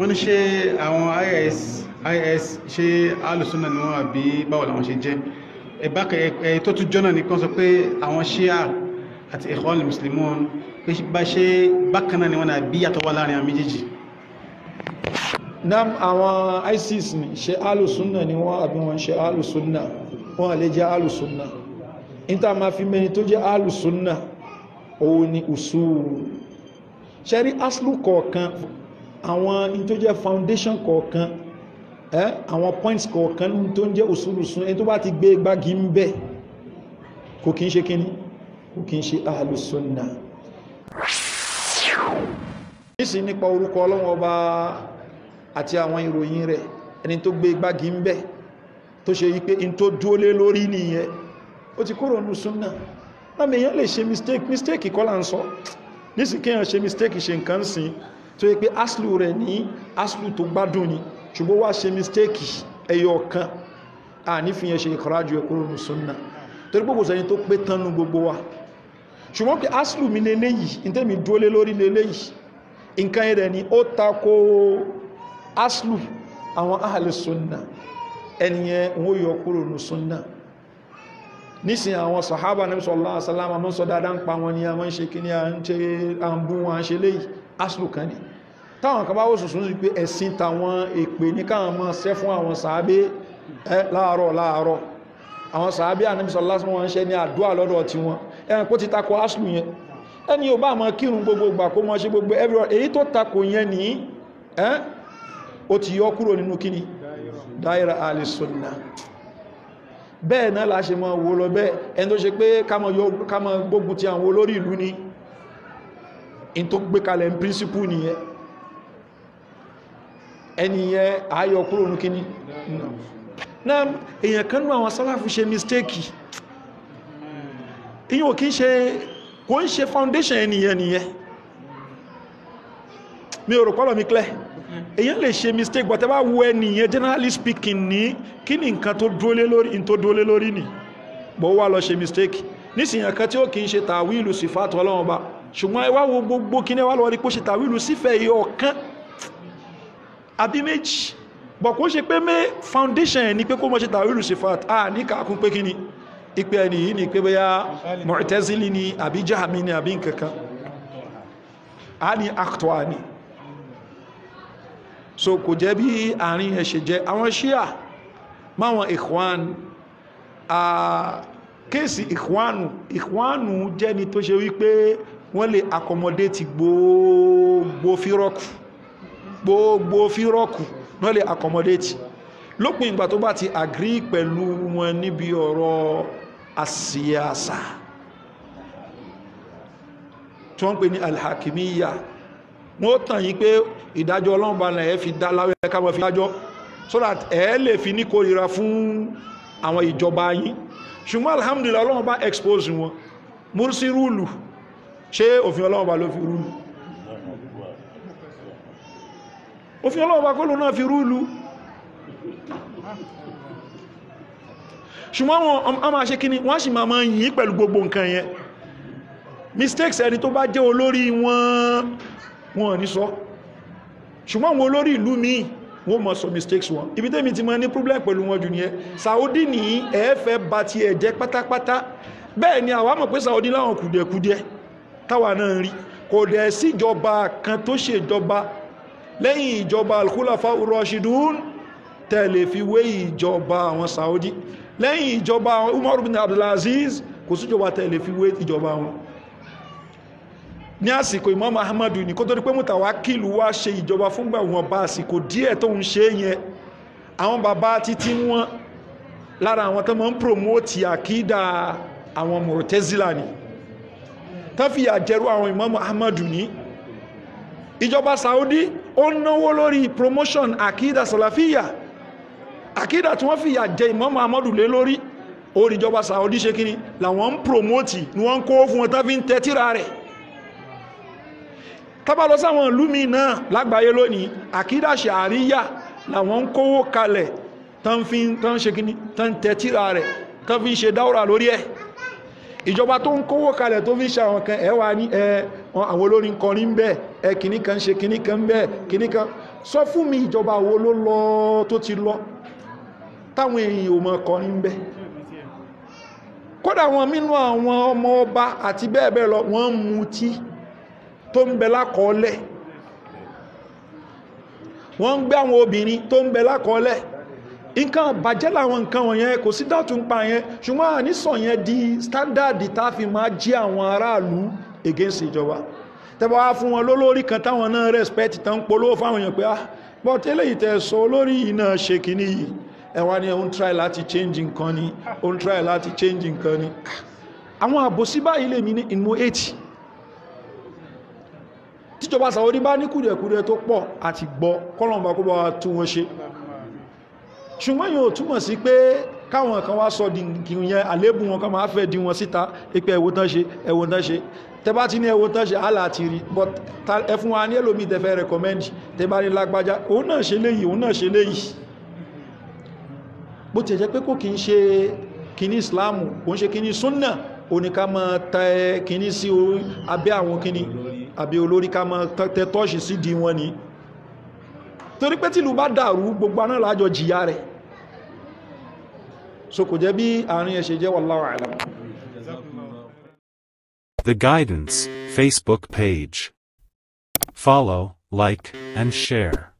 wọ́n ní ṣe àwọn is is ṣe alùsùnà ni wọ́n àbí báwo làwọn ṣe jẹ́ ẹ̀bá ẹ̀ tó tún jọ́nà nìkan sọ pé àwọn ṣíà àti Ikhwanul Muslimun pé bá ṣe bákan náà ni wọ́n àbí yàtọ̀ wà láàrin àwọn méjèèjì. nam àwọn isis ni ṣe alùsùnà ni wọ́n àbí wọ́n ṣe alùsùnà wọ́n lè jẹ́ alùsùnà níta máa fi mẹ́ni tó jẹ́ alùsùnà òun ni ṣẹ́rí aṣlù kọ̀ọ̀kan àwọn in tó jẹ́ foundation kọ̀ọ̀kan ẹ́ àwọn points kọ̀ọ̀kan tó ń jẹ́ òsúlùsún ẹni tó bá ti gbé gbági ń bẹ̀ kò kí ń ṣe kíní kò kí ń ṣe ahàlùsọ́nà nísìn nípa orúkọ ọlọ́wọ́ ọba àti àwọn ìròyìn rẹ̀ ẹni tó gbé gbági ń bẹ̀ tó ṣe yí in tó dúó lé lórí nìyẹn ó ti kúrò ní súnà láàmì èèyàn lè ṣe mistake mistake kọ́ là ń sọ nísìn ṣe mistake ṣe nǹkan sìn tó yẹ pé aslu rẹ̀ ní aslu tó gbádùn ni ṣùgbọ́n wá ṣe mistake ẹyọ kan a ní ṣe ìkọ̀rájú ẹ̀kọ́ lórí sunna torí gbogbo wa ṣùgbọ́n pé aslu mi leléyìí ní tẹ́mi dúólé lórí leléyìí nǹkan rẹ̀ ni ó tako aslu àwọn ahàlẹ̀ sunna ẹniyẹn wọ́n yọ kúrò ní sunna nísìn àwọn sàhábà dáadáa ń pa wọn ni a mọ́ ń ṣe aṣlù kan ní táwọn kan bá wó sùsùn sí pé ẹ̀sìn tàwọn èpè ní káwọn mọ́ sẹ́ fún àwọn sàábé láàárọ̀ láàárọ̀ àwọn sàábé àníbìsọ̀ lásán wọn ń ṣe ní àdúà lọ́dọ̀ tí wọn ẹ̀rìn kó ti takọ aṣlù yẹn ẹni ò bá mọ́ kírun gbogbo gbà kó mọ́ ṣe gbogbo wo lọ bẹ́ẹ̀ ẹni tó ṣe pé ká má gbógun ti àwọn olórí ìlú ni in tó gbé kalẹ̀ in principle nìyẹn ẹniyẹn ayọ̀ kúrò ní kíní náà èyàn kan nú àwọn sálàfù ṣe mistake ìyàn kí ṣe kò ń ṣe foundation ẹniyẹn nìyẹn mi ò rò pọ́lọ̀ mi clear èyàn lè ṣe mistake but ẹ bá wo ẹnìyẹn generally speaking ní kí ni nǹkan tó dúólé lórí ní tó dúólé lórí nì bó wà lọ ṣe mistake nísìnyàn kan tí ó kì í ṣe tàwílù sífàtọ̀ ọlọ́run ọba ṣùgbọ́n ẹ wá wo gbogbo kí ní wá lọ́wọ́ rí kó tàwílù sífẹ̀ẹ́ iye ọ̀kan àbí méjì bọ̀ ṣe pé mé foundation ẹ̀ ni pé kó mọ́ ṣe tàwílù sífàt à ní kàkún pé kí ni ipe ẹni yìí ni pé bóyá Mu'tazili ni àbí Jahmi ni àbí nkankan a ní actor a ní so kò jẹ́ bí àárín ẹ̀ ṣe jẹ́ àwọn ṣíà máwọn Ikhwan kéèsì Ikhwanu Ikhwanu jẹ́ni tó ṣe wípé wọ́n lè accommodate gbogbo fírọ́kù gbogbo fírọ́kù wọ́n lè accommodate lópin ìgbà tó bá ti agree pẹ̀lú wọn níbi ọ̀rọ̀ àsíyàsà tí wọ́n ń pè ní alhakimiya wọ́n tàn yín pé ìdájọ́ ọlọ́run balẹ̀ ẹ̀ fi dá láwẹ́ káwọn fi dájọ́ so that ẹ̀ lè fi ní kórìíra fún àwọn ìjọba yín ṣùgbọ́n alhamdulillah ọlọ́run expose wọn mursi rúùlù ṣé òfin ọlọ́wọ́ bá ló fi rúlu òfin ọlọ́wọ́ bá kólù náà fi rúlu ṣùgbọ́n wọn a máa ṣe kíní wọ́n sì máa yìí pẹ̀lú gbogbo nǹkan yẹn mistakes ẹni tó bá jẹ́ olórí wọn wọn ní sọ ṣùgbọ́n wọn olórí ìlú míì wọ́n mọ̀ sọ mistakes wọn ibi tẹ́mi ti máa ní problem pẹ̀lú wọn jù nìyẹn Saudi ní ẹ̀ẹ́fẹ́ bá ti ẹ̀jẹ́ pátápátá bẹ́ẹ̀ ni àwa mọ̀ pé Saudi láwọn kùdẹ̀kùdẹ̀ táwa náà ń rí kò dẹ̀ síjọba kan tó ṣèjọba lẹ́yìn ìjọba alkhulafa rashidun tẹ̀lé fi wé ìjọba àwọn saudi lẹ́yìn ìjọba umar bin abdulaziz kò síjọba tẹ̀lé fi wé ìjọba wọn ní àsìkò imam ahmadu ní kó tó di pé mutawakil wá ṣe ìjọba fúngbà wọn bá àsìkò díẹ̀ tó ń ṣe yẹn àwọn bàbá títí wọn lára àwọn tó máa ń promote àkídà àwọn mọ̀rọ̀tẹ́zílà tọ́fìyà jẹ́rú àwọn Imam Ahmadu ní ìjọba Saudi ó ń náwó lórí promotion akida salafiya akida tí wọ́n fìyà jẹ Imam Ahmadu lé lórí orí ìjọba Saudi ṣe kíni làwọn ń promote ni wọ́n ń kó fún wọn tọ́fì ń tẹ́tíra rẹ̀ tábàlọ́ sáwọn ìlú mi náà lágbàáyé lónìí akida ṣàríyà làwọn ń kówó kalẹ̀ tán fi tán ṣe kíni tán tẹ́tíra rẹ̀ tán fi ń ṣe dáwọ́ra lórí ẹ̀ ìjọba tó ń kówó kalẹ̀ tó fi ń ṣe àwọn kan ẹ̀ wá ní ẹ àwọn olórin kọrin ń bẹ̀ ẹ kìíní kan ṣe kìíní kan ń bẹ̀ kìíní kan sọ fún mi ìjọba wo ló lọ tó ti lọ táwọn èèyàn ò mọ kọrin ń bẹ̀ kódà wọn mínú àwọn ọmọ ọba àti bẹ́ẹ̀ bẹ́ẹ̀ lọ wọ́n ń mutí tó ń bẹ lákọọ́lẹ̀ wọ́n ń gbé àwọn obìnrin tó ń bẹ lákọọ́lẹ̀ nǹkan bàjẹ́ làwọn nǹkan wọ̀nyẹn kò sí dàtú ń pa yẹn ṣùgbọ́n àníṣàn yẹn di standard tá a fi máa jí àwọn aráàlú against ìjọba tẹ́bà wá fún wọn lólórí kan táwọn náà respect tán ń polówó fáwọn èèyàn pé ah but eléyìí tẹ́ sọ olórí yìí náà ṣe kìíní yìí ẹ wá ní try láti change nǹkan ni ó ń try láti change nǹkan ni àwọn àbòsí báyìí lè ní inmo 8 tíjọba Saudi bá tó pọ̀ àti gbọ́ kọ́lọ̀mbà kó bá wa tún wọn ṣe ṣùgbọ́n yóò túmọ̀ sí pé káwọn kan wá sọ dìkìrì yẹn àlébù wọn kan máa fẹ́ di wọn síta ipe ẹ̀wò tán ṣe ẹ̀wò tán ṣe tẹ́bá ti ní ẹ̀wò tán ṣe àlà àti rí but ẹ fún wa ní ẹlòmí tẹ́fẹ́ recommend tẹ́bá ní lágbájá òun náà ṣe léyìí òun náà ṣe léyìí bó ti jẹ́ pé kò kí ń ṣe kíní Islam kò ṣe kíní súnnà òní ká mọ tẹ kíní sí abẹ́ àwọn kíní àbí olórí ká mọ tẹ tọ́ṣì sí di wọn ni. torí pé bá dàrú gbogbo jìyà rẹ̀ so kò jẹ́ bí ẹ̀ ṣe jẹ́ wallahu The Guidance Facebook page. Follow, like, and share.